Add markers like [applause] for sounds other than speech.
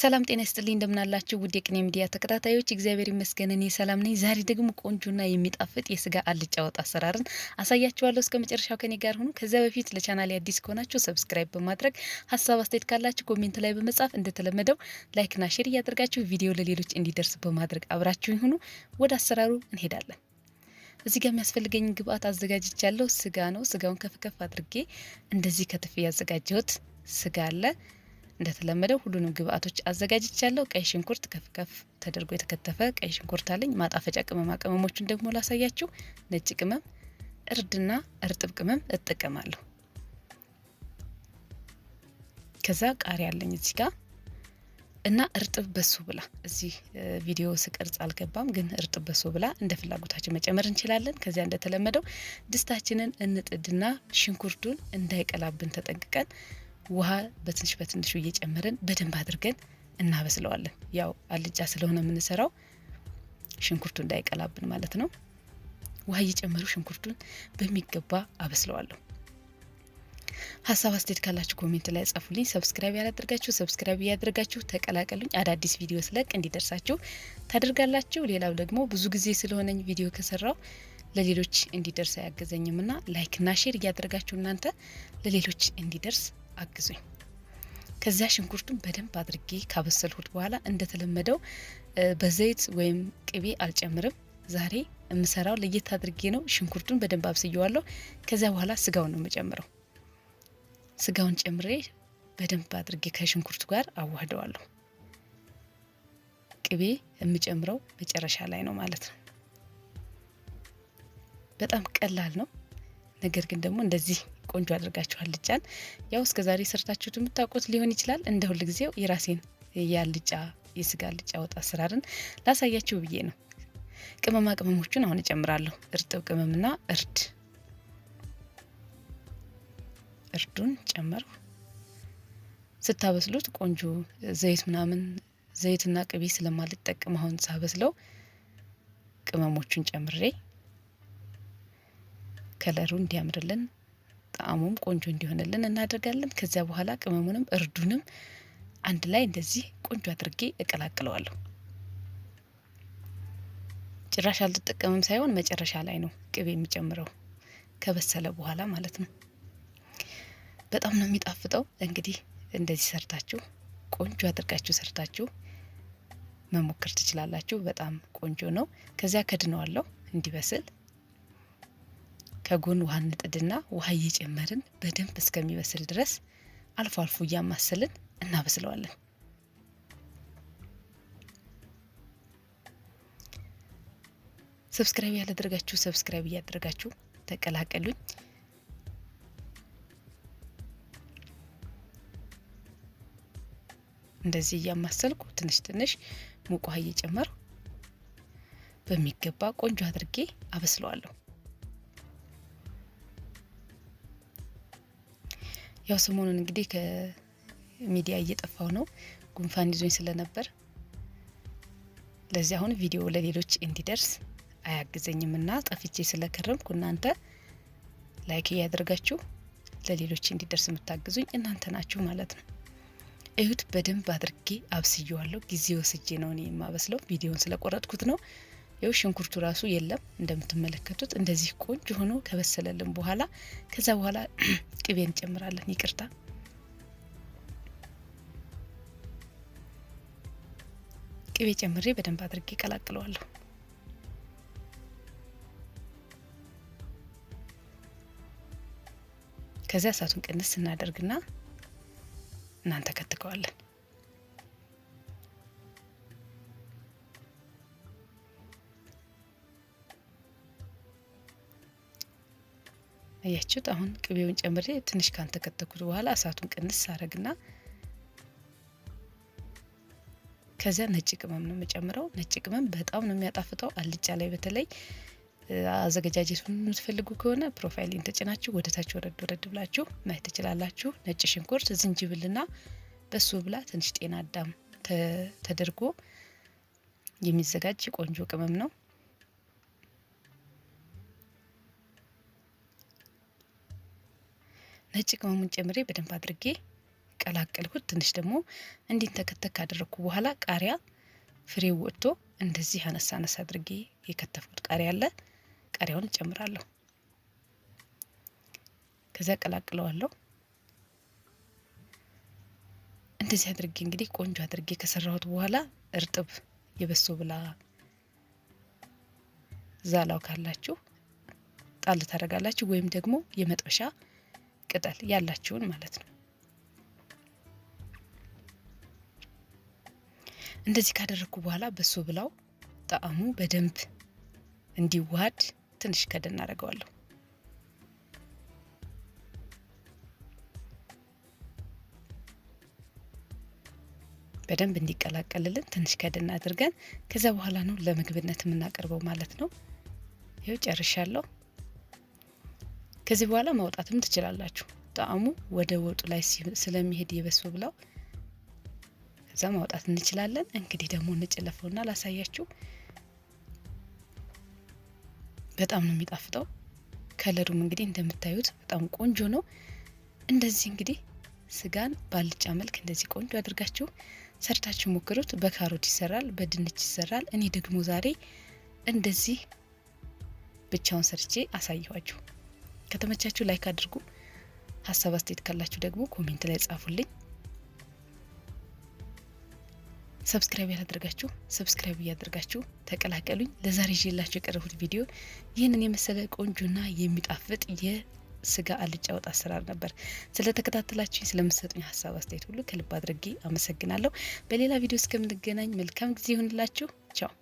ሰላም ጤና ይስጥልኝ እንደምናላችሁ ውድ የቅኔ ሚዲያ ተከታታዮች፣ እግዚአብሔር ይመስገን እኔ ሰላም ነኝ። ዛሬ ደግሞ ቆንጆና የሚጣፍጥ የስጋ አልጫ ወጥ አሰራርን አሳያችኋለሁ። እስከ መጨረሻው ከኔ ጋር ሁኑ። ከዚያ በፊት ለቻናል አዲስ ከሆናችሁ ሰብስክራይብ በማድረግ ሀሳብ አስተያየት ካላችሁ ኮሜንት ላይ በመጻፍ እንደተለመደው ላይክና ሼር እያደርጋችሁ ቪዲዮ ለሌሎች እንዲደርስ በማድረግ አብራችሁ ይሁኑ። ወደ አሰራሩ እንሄዳለን። እዚህ ጋር የሚያስፈልገኝ ግብአት አዘጋጅቻለሁ። ስጋ ነው። ስጋውን ከፍ ከፍ አድርጌ እንደዚህ ከትፌ ያዘጋጀሁት ስጋ አለ እንደተለመደው ሁሉንም ግብአቶች አዘጋጅቻለሁ። ቀይ ሽንኩርት ከፍ ከፍ ተደርጎ የተከተፈ ቀይ ሽንኩርት አለኝ። ማጣፈጫ ቅመማ ቅመሞችን ደግሞ ላሳያችሁ። ነጭ ቅመም፣ እርድና እርጥብ ቅመም እጠቀማለሁ። ከዛ ቃሪያ አለኝ እዚህ ጋር እና እርጥብ በሶ ብላ እዚህ ቪዲዮ ስቀርጽ አልገባም፣ ግን እርጥብ በሶ ብላ እንደ ፍላጎታችን መጨመር እንችላለን። ከዚያ እንደተለመደው ድስታችንን እንጥድና ሽንኩርቱን እንዳይቀላብን ተጠንቅቀን ውሃ በትንሽ በትንሹ እየጨመረን በደንብ አድርገን እናበስለዋለን። ያው አልጫ ስለሆነ የምንሰራው ሽንኩርቱ እንዳይቀላብን ማለት ነው። ውሃ እየጨመሩ ሽንኩርቱን በሚገባ አበስለዋለሁ። ሀሳብ አስተያየት ካላችሁ ኮሜንት ላይ ጻፉልኝ። ሰብስክራይብ ያላደርጋችሁ ሰብስክራይብ እያደረጋችሁ ተቀላቀሉኝ። አዳዲስ ቪዲዮ ስለቅ እንዲደርሳችሁ ታደርጋላችሁ። ሌላው ደግሞ ብዙ ጊዜ ስለሆነኝ ቪዲዮ ከሰራው ለሌሎች እንዲደርስ ላይክ ና ሼር እያደረጋችሁ እናንተ ለሌሎች እንዲደርስ አግዙኝ። ከዚያ ሽንኩርቱን በደንብ አድርጌ ካበሰልሁት በኋላ እንደተለመደው በዘይት ወይም ቅቤ አልጨምርም። ዛሬ የምሰራው ለየት አድርጌ ነው። ሽንኩርቱን በደንብ አብስየዋለሁ። ከዚያ በኋላ ስጋውን ነው የምጨምረው። ስጋውን ጨምሬ በደንብ አድርጌ ከሽንኩርቱ ጋር አዋህደዋለሁ። ቅቤ የምጨምረው መጨረሻ ላይ ነው ማለት ነው። በጣም ቀላል ነው። ነገር ግን ደግሞ እንደዚህ ቆንጆ አድርጋችኋል። አልጫን ያው እስከ ዛሬ ሰርታችሁት የምታውቁት ሊሆን ይችላል። እንደ ጊዜው የራሴን ያልጫ የስጋ ልጫ ወጥ አሰራርን ላሳያችሁ ብዬ ነው። ቅመማ ቅመሞቹን አሁን እጨምራለሁ። እርጥብ ቅመምና እርድ እርዱን ጨመርኩ። ስታበስሉት ቆንጆ ዘይት ምናምን ዘይትና ቅቤ ስለማልጠቅም አሁን ሳበስለው ቅመሞቹን ጨምሬ ከለሩ እንዲያምርልን ጣዕሙም ቆንጆ እንዲሆንልን እናደርጋለን። ከዚያ በኋላ ቅመሙንም እርዱንም አንድ ላይ እንደዚህ ቆንጆ አድርጌ እቀላቅለዋለሁ። ጭራሽ አልጠቀምም ሳይሆን መጨረሻ ላይ ነው ቅቤ የሚጨምረው ከበሰለ በኋላ ማለት ነው። በጣም ነው የሚጣፍጠው። እንግዲህ እንደዚህ ሰርታችሁ ቆንጆ አድርጋችሁ ሰርታችሁ መሞከር ትችላላችሁ። በጣም ቆንጆ ነው። ከዚያ ከድነዋለሁ እንዲበስል ከጎን ውሃ እንጥድና ውሃ እየጨመርን በደንብ እስከሚበስል ድረስ አልፎ አልፎ እያማሰልን እናበስለዋለን። ሰብስክራይብ ያላደረጋችሁ ሰብስክራይብ እያደረጋችሁ ተቀላቀሉኝ። እንደዚህ እያማሰልኩ ትንሽ ትንሽ ሙቅ ውሃ እየጨመርኩ በሚገባ ቆንጆ አድርጌ አበስለዋለሁ። ያው ሰሞኑን እንግዲህ ከሚዲያ እየጠፋው ነው፣ ጉንፋን ይዞኝ ስለነበር ለዚህ አሁን ቪዲዮ ለሌሎች እንዲደርስ አያግዘኝም እና ጠፍቼ ስለከረምኩ እናንተ ላይክ እያደርጋችሁ ለሌሎች እንዲደርስ የምታግዙኝ እናንተ ናችሁ ማለት ነው። እዩት፣ በደንብ አድርጌ አብስየዋለሁ። ጊዜ ወስጄ ነው እኔ የማበስለው። ቪዲዮን ስለቆረጥኩት ነው። ይው ሽንኩርቱ ራሱ የለም እንደምትመለከቱት እንደዚህ ቆንጆ ሆኖ ከበሰለልን በኋላ ከዛ በኋላ [clears throat] ቅቤ እንጨምራለን። ይቅርታ ቅቤ ጨምሬ በደንብ አድርጌ ቀላቅለዋለሁ። ከዚያ እሳቱን ቅንስ እናደርግና እናንተ ከትከዋለን። አያችሁት። አሁን ቅቤውን ጨምሬ ትንሽ ካንተከተኩት በኋላ እሳቱን ቅንስ አረግና ከዚያ ነጭ ቅመም ነው የምጨምረው። ነጭ ቅመም በጣም ነው የሚያጣፍጠው አልጫ ላይ በተለይ አዘገጃጀቱን የምትፈልጉ ከሆነ ፕሮፋይሊን ተጭናችሁ ወደታች ወረድ ወረድ ብላችሁ ማየት ትችላላችሁ። ነጭ ሽንኩርት፣ ዝንጅብልና በሱ ብላ ትንሽ ጤና አዳም ተደርጎ የሚዘጋጅ ቆንጆ ቅመም ነው። ነጭ ቅመሙን ጨምሬ በደንብ አድርጌ ቀላቀልኩት። ትንሽ ደግሞ እንዲን ተከተክ ካደረግኩ በኋላ ቃሪያ ፍሬው ወጥቶ እንደዚህ አነሳ አነሳ አድርጌ የከተፍኩት ቃሪያ አለ። ቃሪያውን እጨምራለሁ። ከዛ ቀላቅለዋለሁ። እንደዚህ አድርጌ እንግዲህ ቆንጆ አድርጌ ከሰራሁት በኋላ እርጥብ የበሶ ብላ ዛላው ካላችሁ ጣል ታደርጋላችሁ ወይም ደግሞ የመጥበሻ ቅጠል ያላችሁን ማለት ነው። እንደዚህ ካደረግኩ በኋላ በሶ ብላው ጣዕሙ በደንብ እንዲዋሃድ ትንሽ ከደን አደርገዋለሁ። በደንብ እንዲቀላቀልልን ትንሽ ከደን አድርገን ከዚያ በኋላ ነው ለምግብነት የምናቀርበው ማለት ነው። ይኸው ጨርሻለሁ። ከዚህ በኋላ ማውጣትም ትችላላችሁ። ጣዕሙ ወደ ወጡ ላይ ስለሚሄድ የበሶ ብላው ከዛ ማውጣት እንችላለን። እንግዲህ ደግሞ እንጭለፈውና ላሳያችሁ። በጣም ነው የሚጣፍጠው። ከለሩም እንግዲህ እንደምታዩት በጣም ቆንጆ ነው። እንደዚህ እንግዲህ ስጋን ባልጫ መልክ እንደዚህ ቆንጆ አድርጋችሁ ሰርታችሁ ሞክሩት። በካሮት ይሰራል፣ በድንች ይሰራል። እኔ ደግሞ ዛሬ እንደዚህ ብቻውን ሰርቼ አሳየኋችሁ። ከተመቻችሁ ላይክ አድርጉ። ሀሳብ አስተያየት ካላችሁ ደግሞ ኮሜንት ላይ ጻፉልኝ። ሰብስክራይብ ያላደረጋችሁ ሰብስክራይብ እያደረጋችሁ ተቀላቀሉኝ። ለዛሬ ይዤላችሁ የቀረቡት ቪዲዮ ይህንን የመሰለ ቆንጆና የሚጣፍጥ የስጋ አልጫ ወጥ አሰራር ነበር። ስለተከታተላችሁኝ፣ ስለምሰጡኝ ሀሳብ አስተያየት ሁሉ ከልብ አድርጌ አመሰግናለሁ። በሌላ ቪዲዮ እስከምንገናኝ መልካም ጊዜ ይሁንላችሁ። ቻው